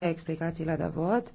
explicațiile de vot.